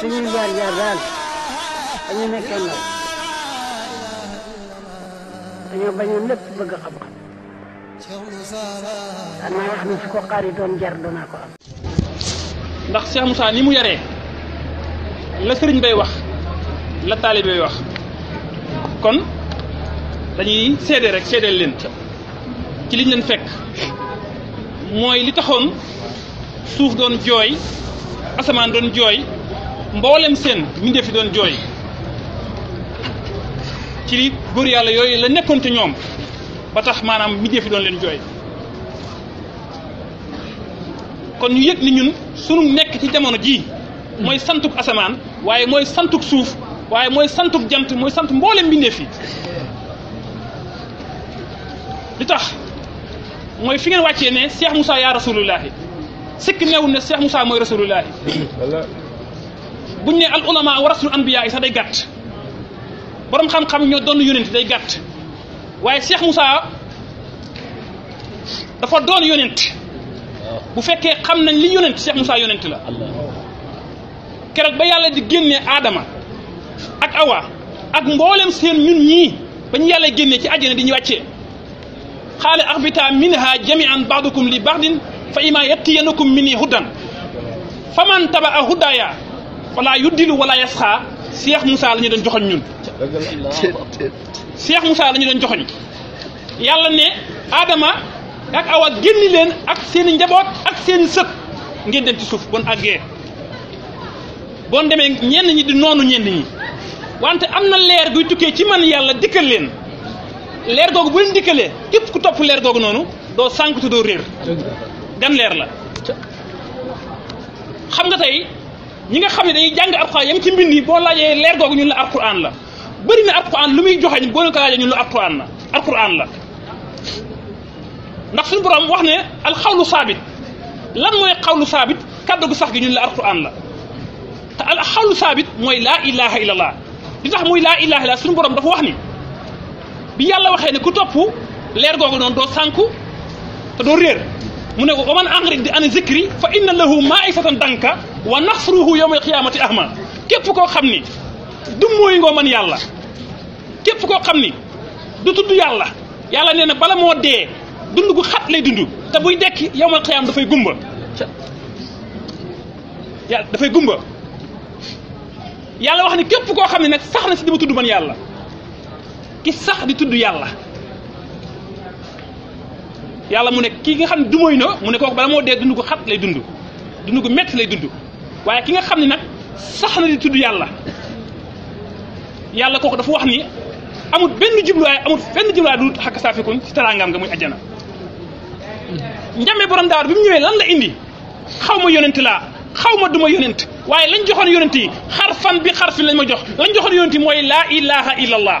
suñu jaar jaar daal dañu nekkee ndaw dañoo bañoon lépp bëgg xam-xam ndax Cheikh Moussa ni mu yaree la sëriñ bay wax la taalibe wax kon dañuy seede rek seedeel leen ci liñ leen fekk mooy li taxoon suuf doon jooy asamaan doon jooy. mboolem seen mbindeef yi doon jooy ci góor yàlla yooyu la nekkoon te ñoom ba tax maanaam mbindeef yi doon leen jooy kon ñu yëg ni ñun sunu nekk ci jamono jii mooy santuk asamaan waaye mooy santuk suuf waaye mooy santuk jant mooy sant mboolem mbindeef yi li tax mooy fi ngeen wàccee ne Cheikh Moussa yaa rasulullahi sikk neewul ne Cheikh Moussa mooy rasulullahi buñ ne al ulama warasul anbiya yi sax day gàtt boroom xam-xam ñoo doon yonent day gàtt waaye Cheikh Moussa dafa doon yonent bu fekkee xam nañ li yonent Cheikh Moussa yonent la keroog ba yàlla di génnee aadama ak awa ak mboolem seen ñun ñii ba ñu yàlla génnee ci àjjana di ñu wàccee xaale arbita minha jamian baadukum li baadin fa ima yatiyanakum minni hudan faman taba a hudaaya wala yuddilu wala yasxaa Cheikh Moussa la ñu doon joxoñ ñun Cheikh Moussa la ñu doon joxoñ yàlla ne Adama ak Awa génni leen ak seen i njaboot ak seen sët ngeen dem ci suuf bon àggee bon demee ñenn ñi di noonu ñenn ñi wante am na leer guy tukkee ci man yàlla dikkal leen leer googu bu leen dikkalee képp ku topp leer googu noonu doo sànku te doo réer gan leer la xam nga tey ñi nga xam dañuy jàng alquran yam ci mbindi bo boo laajee leer googu ñun la alquran la bari na alquran lu muy joxe boo leen ko laajee ñun la alquran la alquran la ndax suñu borom wax ne al alxawlu sabit lan moy xawlu sabit kaddu gu sax gi ñun la alquran la ta al alxawlu sabit moy la ilaha illa allah li tax moy la ilaha illa allah suñu borom dafa wax ni bi yàlla waxe ne ku topp leer gog non do sànku te doo réer mu ne ko waman engrais an zikri fa inna lahu maisatan danka wa nahsuruhu yawma alqiyamati ahma képp koo xam ni du mooy ngoo man yàlla képp koo xam ni du tudd yàlla yàlla nee na bala moo dee dund gu xat lay dund te buy dekki yawmal qiyaam dafay gumba yàlla dafay gumba yàlla wax ni képp koo xam ne sax na si di ma man yàlla ki sax di tudd yàlla yàlla mu ne ki nga xam ne dumóoy na mu ne kooku bala moo dee dund gu xat lay dund dund gu métti lay dund waaye ki nga xam ne nag sax na di tudd yàlla yàlla kooku dafa wax ni amul benn jubluwaay amul benn jubluwaay du xakk saafikun ci teraangaam nga muy ajjana njamee borom daar bi mu ñëwee lan la indi xaw ma yonent laa xaw ma duma ma yonent waaye lañ joxoon yonent yi xarfan bi xarfin lañ ma jox lañ joxoon yonent yi mooy laa ilaha illallah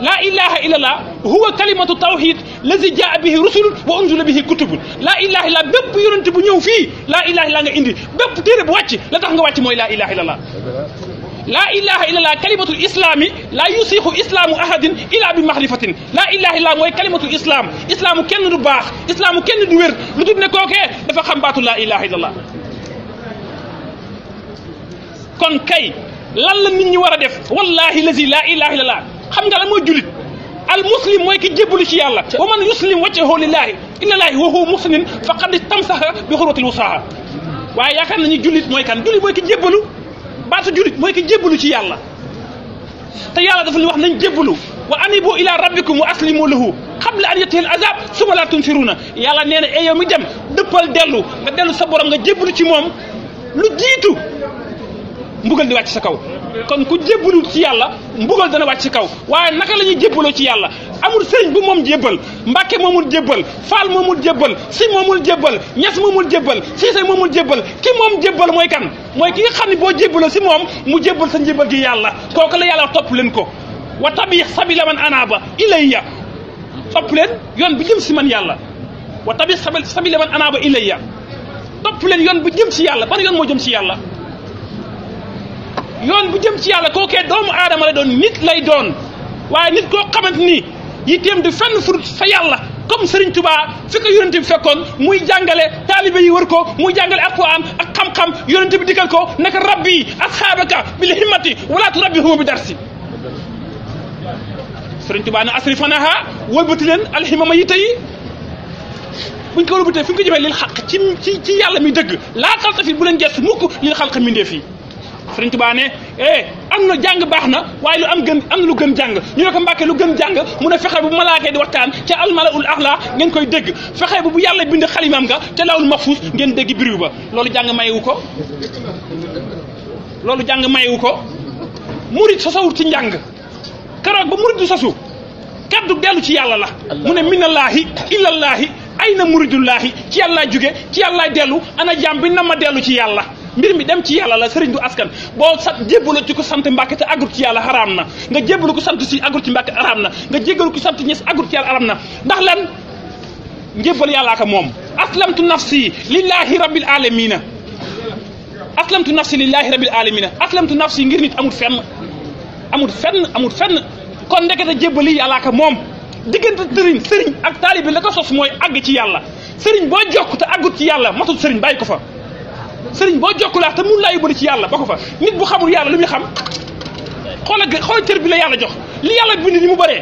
لا إله إلا الله هو كلمة التوحيد الذي جاء به رسل وأنزل به كتب لا إله إلا الله بب يرنتب نيو في لا إله إلا الله عندي بب ديرب واتش لا تخنغ واتش مو لا إله إلا الله لا إله إلا الله كلمة الإسلام لا يصيح إسلام أحد إلا بمعرفة لا إله إلا هو كلمة الإسلام إسلام كن رباخ إسلام كن دوير لدود نكوك دفع خمبات لا إله إلا الله كون كي لن من يورد والله الذي لا إله إلا الله xam nga lan moy julit al muslim moy ki djeblu ci yàlla wa man yuslim wajhahu lillahi inna lillahi wa huwa muslim faqad tamsaha bi khurwati xurwatil wusaha waaye yaakaar nañu julit moy kan julit moy ki jébbalu baatu julit moy ki djeblu ci yàlla te yàlla dafa ni wax nañ djeblu wa anibu ila rabbikum wa aslimu lahu qabla an yatihil azab thumma la tunfiruna yàlla neena na e yow mi dem dëppal delu nga delu sa borom nga djeblu ci mom lu jitu mbugal di wàcc sa kaw kon ku jébbalul ci yàlla mbugal dana wàcc ci kaw waaye naka la ñuy jébbaloo ci yàlla amul sëriñ bu moom jébbal mbàkke moomul jébbal faal moomul jébbal si moomul jébbal ñas moomul jébbal siise moomul jébbal ki moom jébbal mooy kan mooy ki nga xam ne boo jébbaloo si moom mu jébbal sa njébbal gi yàlla kooku la yàlla topp leen ko wa tabi sabila man anaaba ya topp leen yoon bu jëm si man yàlla wa sabi sabila man anaaba ya topp leen yoon bu jëm si yàlla ban yoon moo jëm si yàlla yoon bu jëm ci yàlla kookee doomu aadama la doon nit lay doon waaye nit koo xamante ni yitteem du fenn furut fa yàlla comme Serigne Touba fi ko yonente bi fekkoon muy jàngale taalibe yi wër ko muy jàngale alquran ak xam-xam yonente bi dikkal ko naka rabbi asxaabaka bil himmati walaatu rabbi huma bi darsi Serigne Touba ne asri fanaha wëlbati leen alhimama yi tey buñ ko wëlbatee fi ñu ko jëmee lil xaq ci ci ci yàlla mi dëgg laa xalta fi bu leen gestu mukk lil xalq mindee fii serigne touba ne eh am jang jàng baax na waaye lu am gem am na lu gën jàng ñu ne ko mbàkke lu gën jàng mu ne fexe bu malaakee di waxtaan ca almalaul ahla ngeen koy dégg fexe bu bu yàlla bind xalimam nga ca lawul mahfous ngeen dégg biriw ba loolu jàng mayewu ko loolu jàng mayewu ko ci njàng karoog ba murit du sosu kaddu dellu ci yàlla la mu ne minallaahi illallaahi ay na ci ci ana jaam bi na ma ci mbir mi dem ci yàlla la sëriñ du askan boo sa jébbalu ci ko sant mbàkke te agul ci yàlla xaraam na nga jébbalu ko sant si agul ci mbàkke xaraam na nga jéggalu ko sant ñes agul ci yàlla xaraam na ndax lan njébbal yàllaa ko moom aslamtu nafsi lillahi rabbil alamina aslamtu nafsi lillahi rabbil alamina aslamtu nafsi ngir nit amul fenn amul fenn amul fenn kon ndekete jébbali yàllaa ko moom diggante sëriñ sëriñ ak taalibi la ko sos mooy àgg ci yàlla sëriñ boo jokk te àggut ci yàlla matul sëriñ bàyyi ko fa serigne bo jokula te mun lay yóbbu ci yàlla bako fa nit bu xamul yàlla limi muy xam xoola xol ter bi la yàlla jox li yàlla bindi ni mu bare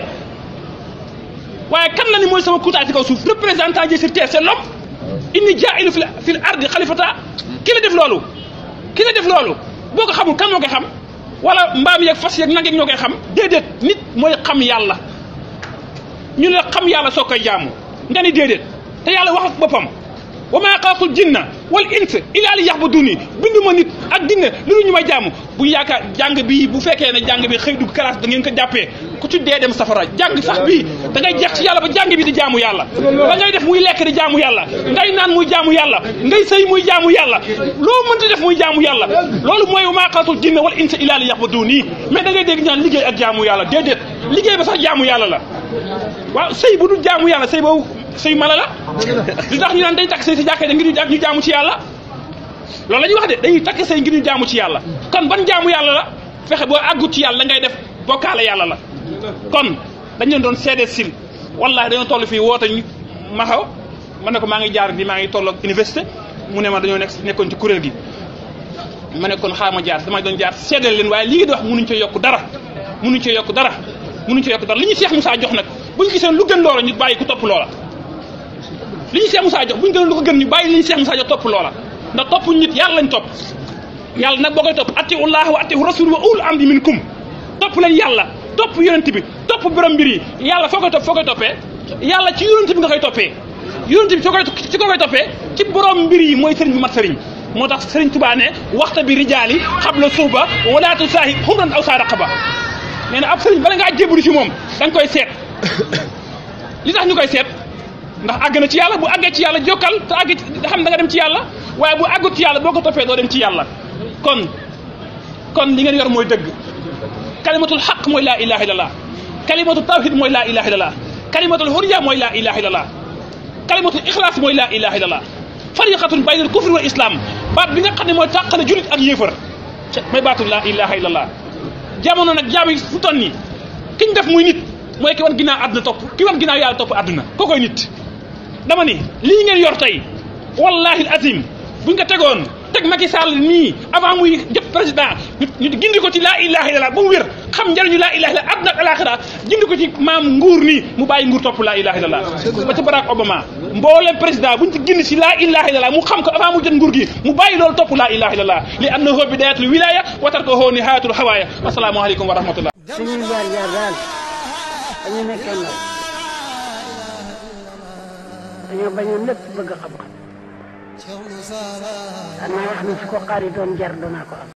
waye kan la ni moy sama kouta ci kaw souf représentant je sur terre c'est l'homme inni jaa'ilu fil ardi khalifata ki la def lolu ki la def lolu boko xamul kan mo koy xam wala mbaam yeeg fas yeeg nag yeeg ñokay xam dedet nit moy xam yàlla ñu la xam yàlla sokay koy ngani dedet te yàlla wax ak bopam وما خلقت الجن والانس الا ليعبدوني بند ما نيت اك دين لي نيو ما جام بو ياكا جانغ بي بو فكه نا جانغ بي خيدو كلاس دا نين كو جابي كو تي دي دم سفرا جانغ صاح بي دا غاي جيخ سي يالا با جانغ بي دي جامو يالا با غاي ديف موي ليك دي جامو يالا غاي نان موي جامو يالا غاي سي موي جامو يالا لو مون ديف موي جامو يالا لولو موي ما خلقت الجن والانس الا ليعبدوني مي دا غاي ديك نان ليغي اك جامو يالا ديدت ليغي با صاح جامو يالا لا واو سي بودو جامو يالا سي بو sey mala la li tax ñu nan day takk sey ci jàkka ngir ñu jaamu ci yalla loolu lañu wax de dañuy takk sey ngir ñu jaamu ci yalla kon ban jaamu yalla la fexé bo àggut ci yalla ngay def bokkaale yalla la kon dañ ñu doon sédé sil wallahi dañu tollu fi wota ñu ma xaw mané ko ma ngi jaar bi ma ngi toll université mu ne ma dañu nek nekkon ci kuréel gi mané kon xama jaar dama doon jaar seedal leen waaye lii di wax munuñ ci yok dara munuñ ci yok dara munuñ ci yok dara li ñu Cheikh Moussa jox nak buñu gisé lu gën loolu ñu bàyyi ku topp loola li ñu Cheikh Moussa jox bu ñu gënoon lu ko gën ñu bàyyi li ñu Cheikh Moussa jox topp loola ndax topp nit yàlla lañ topp yàlla nag boo koy topp atiu llah wa atiu rasul wa ul amri minkum topp lañ yàlla topp yonent bi topp borom mbir yi yàlla foo koy topp foo koy toppee yàlla ci yonent bi nga koy toppee yonent bi soo koy ci ko koy toppee ci borom mbir yi mooy sëriñ bu mat sëriñ moo tax sëriñ Tuubaa ne waxta bi rijaali xabla suuba wala tusaahi xumran aw saa raqaba nee na ab sëriñ bala ngaa jébbalu ci moom da nga koy seet li tax ñu koy seet ndax àgg na ci yàlla bu àggee ci yàlla jokkal te àgg xam da nga dem ci yàlla waaye bu àggut ci yàlla boo ko toppee doo dem ci yàlla kon kon li ngeen yor mooy dëgg kalimatul xaq mooy laa ilaha illallah kalimatul tawhid mooy laa ilaha illallah kalimatul hurriya mooy laa ilaha illallah kalimatul ixlaas mooy laa ilaha illallah fariqatun baynal kufri wal islam baat bi nga xam ne mooy tàqale julit ak yéefar may baatu laa ilaha illallah jamono nag jaam yi fu toll nii ki ñu def muy nit mooy ki wan ginnaaw àdduna topp ki wan ginnaaw yàlla topp àdduna kookoy nit dama ni lii ngeen yor tey wallahi azim buñ ko tegoon teg Macky Sall nii avant muy jëpp président ñu gindi ko ci laa ilaha illallah ba mu wér xam njëriñu laa ilaha illallah àdduna ak ko ci maam nguur nii mu bàyyi nguur topp laa ilaha illallah ba ci Barack Obama mboolem président buñ ci gindi si la ilaha illallah mu xam ko avant mu jot nguur gi mu bàyyi loolu topp laa ilaha illallah li annahu bidayatul wilaya wa tarkuhu nihayatul hawaya asalaamaaleykum wa rahmatullah suñuy jaar jaar dañoo bañoon lépp bëgg xam-xam daan naa wax ne su ko xaaritoon jar danaa ko am